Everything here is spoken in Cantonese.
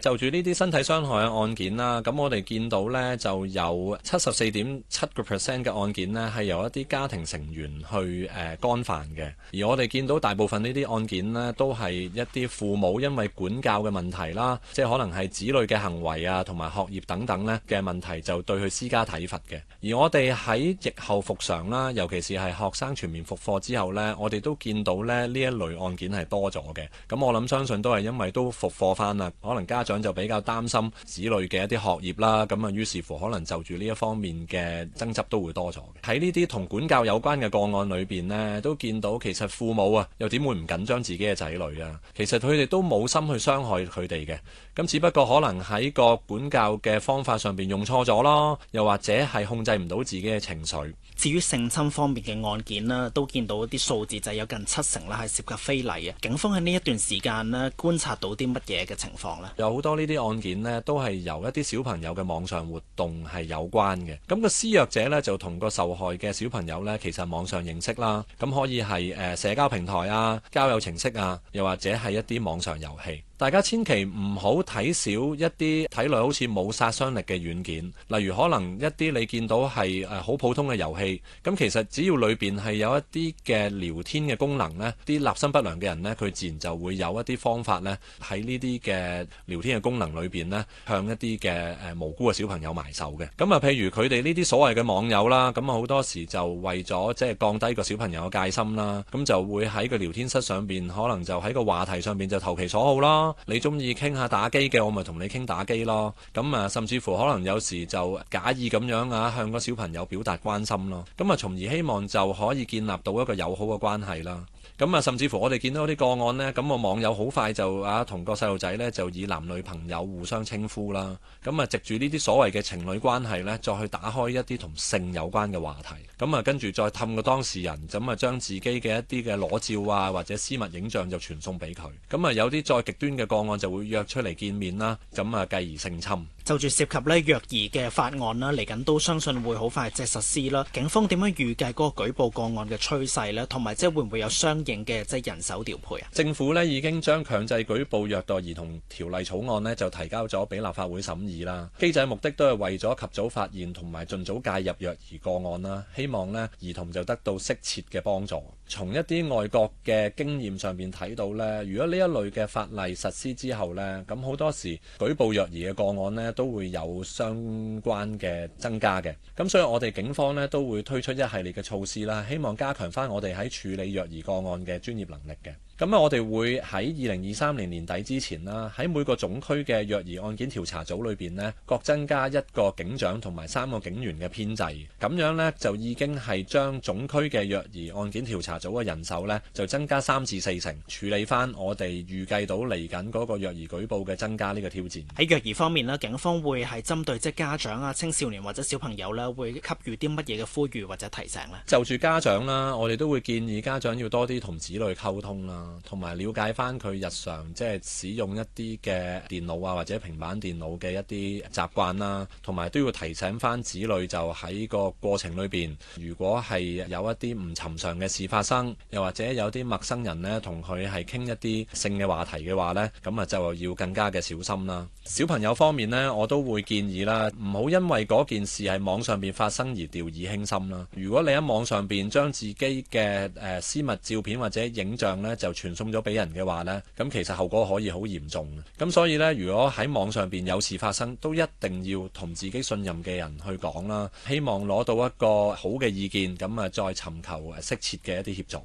就住呢啲身體傷害嘅案件啦，咁我哋見到呢就有七十四點七個 percent 嘅案件呢係由一啲家庭成員去誒、呃、干犯嘅，而我哋見到大部分呢啲案件呢，都係一啲父母因為管教嘅問題啦，即係可能係子女嘅行為啊同埋學業等等呢嘅問題就對佢施加體罰嘅，而我哋喺疫後復常啦，尤其是係學生全面復課之後呢，我哋都見到呢呢一類案件係多咗嘅，咁我諗相信都係因為都復課返啦，可能家長就比較擔心子女嘅一啲學業啦，咁啊，於是乎可能就住呢一方面嘅爭執都會多咗。喺呢啲同管教有關嘅個案裏邊呢，都見到其實父母啊，又點會唔緊張自己嘅仔女啊？其實佢哋都冇心去傷害佢哋嘅，咁只不過可能喺個管教嘅方法上邊用錯咗咯，又或者係控制唔到自己嘅情緒。至於性侵方面嘅案件咧，都見到一啲數字就有近七成啦係涉及非禮啊。警方喺呢一段時間呢，觀察到啲乜嘢嘅情況呢？好多呢啲案件咧，都係由一啲小朋友嘅網上活動係有關嘅。咁個施虐者咧，就同個受害嘅小朋友咧，其實網上認識啦，咁可以係誒社交平台啊、交友程式啊，又或者係一啲網上遊戲。大家千祈唔好睇少一啲睇落好似冇殺傷力嘅軟件，例如可能一啲你見到係誒好普通嘅遊戲，咁其實只要裏邊係有一啲嘅聊天嘅功能呢，啲立心不良嘅人呢，佢自然就會有一啲方法呢，喺呢啲嘅聊天嘅功能裏邊呢，向一啲嘅誒無辜嘅小朋友埋手嘅。咁啊，譬如佢哋呢啲所謂嘅網友啦，咁好多時就為咗即係降低個小朋友嘅戒心啦，咁就會喺個聊天室上邊，可能就喺個話題上邊就投其所好啦。你中意傾下打機嘅，我咪同你傾打機咯。咁啊，甚至乎可能有時就假意咁樣啊，向個小朋友表達關心咯。咁啊，從而希望就可以建立到一個友好嘅關係啦。咁啊，甚至乎我哋見到啲個案呢，咁個網友好快就啊，同個細路仔呢，就以男女朋友互相稱呼啦。咁啊，藉住呢啲所謂嘅情侶關係呢，再去打開一啲同性有關嘅話題。咁啊，跟住再氹個當事人，咁啊將自己嘅一啲嘅裸照啊或者私密影像就傳送俾佢。咁啊，有啲再極端嘅個案就會約出嚟見面啦。咁啊，繼而性侵。就住涉及咧虐兒嘅法案啦，嚟緊都相信會好快即實施啦。警方點樣預計嗰個舉報個案嘅趨勢咧，同埋即會唔會有相應嘅即人手調配啊？政府呢已經將強制舉報虐待兒童條例草案呢就提交咗俾立法會審議啦。機制目的都係為咗及早發現同埋盡早介入虐兒個案啦，希望呢兒童就得到適切嘅幫助。從一啲外國嘅經驗上面睇到呢如果呢一類嘅法例實施之後呢咁好多時舉報虐兒嘅個案呢都會有相關嘅增加嘅。咁所以我哋警方呢都會推出一系列嘅措施啦，希望加強返我哋喺處理虐兒個案嘅專業能力嘅。咁啊，我哋會喺二零二三年年底之前啦，喺每個總區嘅虐兒案件調查組裏邊咧，各增加一個警長同埋三個警員嘅編制，咁樣呢，就已經係將總區嘅虐兒案件調查組嘅人手呢，就增加三至四成，處理翻我哋預計到嚟緊嗰個虐兒舉報嘅增加呢個挑戰。喺虐兒方面呢，警方會係針對即家長啊、青少年或者小朋友咧，會給予啲乜嘢嘅呼籲或者提醒咧？就住家長啦，我哋都會建議家長要多啲同子女溝通啦。同埋了解翻佢日常，即係使，使用一啲嘅電腦啊或者平板電腦嘅一啲習慣啦，同埋都要提醒翻子女就喺個過程裏邊，如果係有一啲唔尋常嘅事發生，又或者有啲陌生人呢，同佢係傾一啲性嘅話題嘅話呢，咁啊就要更加嘅小心啦、啊。小朋友方面呢，我都會建議啦，唔好因為嗰件事喺網上邊發生而掉以輕心啦、啊。如果你喺網上邊將自己嘅誒、呃、私密照片或者影像呢，就傳送咗俾人嘅話呢，咁其實後果可以好嚴重。咁所以呢，如果喺網上邊有事發生，都一定要同自己信任嘅人去講啦。希望攞到一個好嘅意見，咁啊再尋求適切嘅一啲協助。